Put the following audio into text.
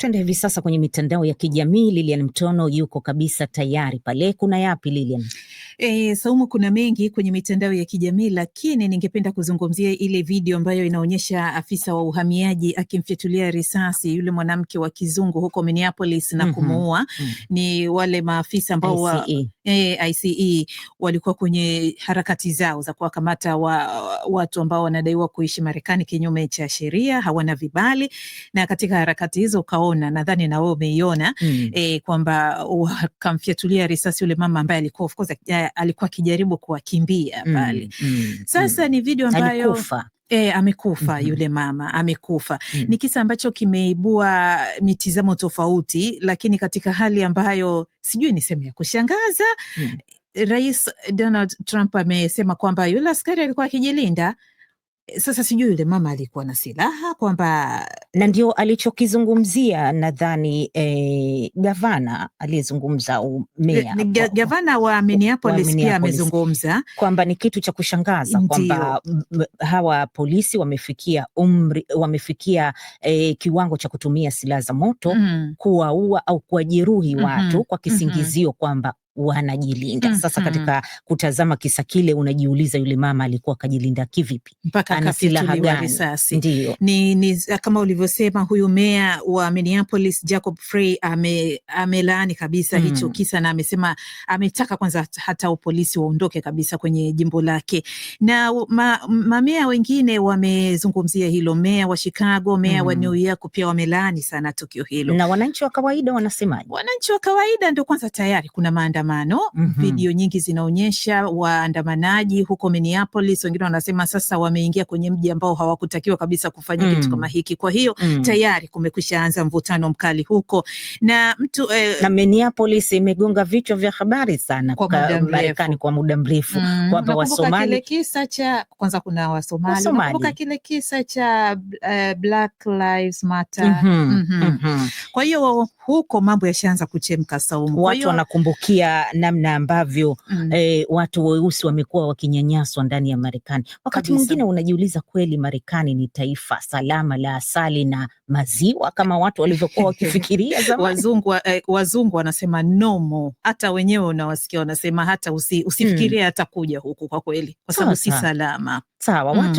Tuende hivi sasa kwenye mitandao ya kijamii. Lilian Mtono yuko kabisa tayari pale. Kuna yapi Lilian? E, Saumu, kuna mengi kwenye mitandao ya kijamii, lakini ningependa kuzungumzia ile video ambayo inaonyesha afisa wa uhamiaji akimfyatulia risasi yule mwanamke wa kizungu huko Minneapolis na mhm. kumuua. mm -hmm. Ni wale maafisa ambao wa ICE eh, e walikuwa kwenye harakati zao za kuwakamata wa, watu ambao wanadaiwa kuishi Marekani kinyume cha sheria, hawana vibali, na katika harakati hizo ukaona, nadhani na wewe umeiona mm -hmm. e, kwamba wakamfyatulia risasi yule mama ambaye alikuwa of course alikuwa akijaribu kuwakimbia mm, pale. mm, mm, sasa mm. ni video ambayo alikufa. E, amekufa mm -hmm. Yule mama amekufa mm -hmm. Ni kisa ambacho kimeibua mitizamo tofauti, lakini katika hali ambayo sijui ni sehemu ya kushangaza mm -hmm. Rais Donald Trump amesema kwamba yule askari alikuwa akijilinda sasa sijui yule mama alikuwa na silaha kwamba, na ndio alichokizungumzia nadhani eh, gavana aliyezungumza umea ga, gavana wa Minneapolis pia amezungumza kwamba ni kitu cha kushangaza kwamba hawa polisi wamefikia umri, wamefikia eh, kiwango cha kutumia silaha za moto mm. kuwaua au kuwajeruhi mm-hmm. watu mm -hmm. kwa mm-hmm. kisingizio mm -hmm. kwamba wanajilinda. Mm-hmm. Sasa mm. katika kutazama kisa kile, unajiuliza yule mama alikuwa akajilinda kivipi? Mpaka ana silaha gani? Risasi. Ndiyo. Ni, ni kama ulivyosema huyu meya wa Minneapolis Jacob Frey ame, amelaani kabisa mm. hicho kisa na amesema ametaka kwanza hata polisi waondoke kabisa kwenye jimbo lake, na ma, mamea wengine wamezungumzia hilo, meya wa Chicago, meya mm. wa New York pia wamelaani sana tukio hilo. Na wananchi wa kawaida wanasemaje? Wananchi wa kawaida ndio kwanza tayari kuna maandamano maandamano mm -hmm. Video nyingi zinaonyesha waandamanaji huko Minneapolis, wengine wanasema sasa wameingia kwenye mji ambao hawakutakiwa kabisa kufanya mm. kitu kama hiki. Kwa hiyo mm. tayari kumekwisha anza mvutano mkali huko na mtu eh, na Minneapolis imegonga vichwa vya habari sana kwa Marekani kwa muda mrefu mm. kwamba Wasomali kisa cha kwanza, kuna Wasomali nakumbuka kile kisa cha uh, Black Lives Matter mm -hmm. mm -hmm. mm -hmm. Kwa hiyo huko mambo yashaanza kuchemka Saumu, watu wanakumbukia namna ambavyo mm. eh, watu weusi wamekuwa wakinyanyaswa ndani ya Marekani. Wakati mwingine unajiuliza kweli Marekani ni taifa salama la asali na maziwa kama watu walivyokuwa wakifikiria zamani? Wazungu, eh, wazungu wanasema nomo, hata wenyewe unawasikia wanasema hata usi, usifikirie mm. hata kuja huku kwa kweli, kwa sababu si salama. Sawa, mm. watu